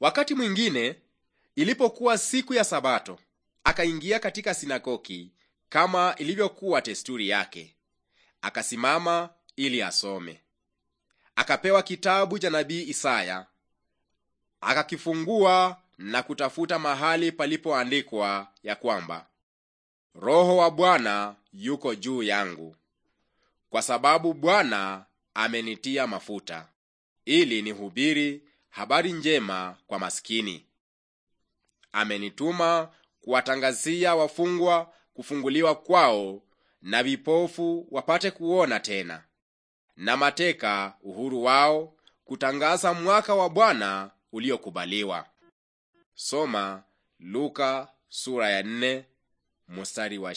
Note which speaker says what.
Speaker 1: Wakati mwingine ilipokuwa siku ya Sabato, akaingia katika sinagogi kama ilivyokuwa desturi yake, akasimama ili asome. Akapewa kitabu cha nabii Isaya, akakifungua na kutafuta mahali palipoandikwa ya kwamba, Roho wa Bwana yuko juu yangu, kwa sababu Bwana amenitia mafuta ili nihubiri habari njema kwa maskini. Amenituma kuwatangazia wafungwa kufunguliwa kwao, na vipofu wapate kuona tena, na mateka uhuru wao, kutangaza mwaka wa Bwana uliokubaliwa. Soma Luka sura ya nne mstari wa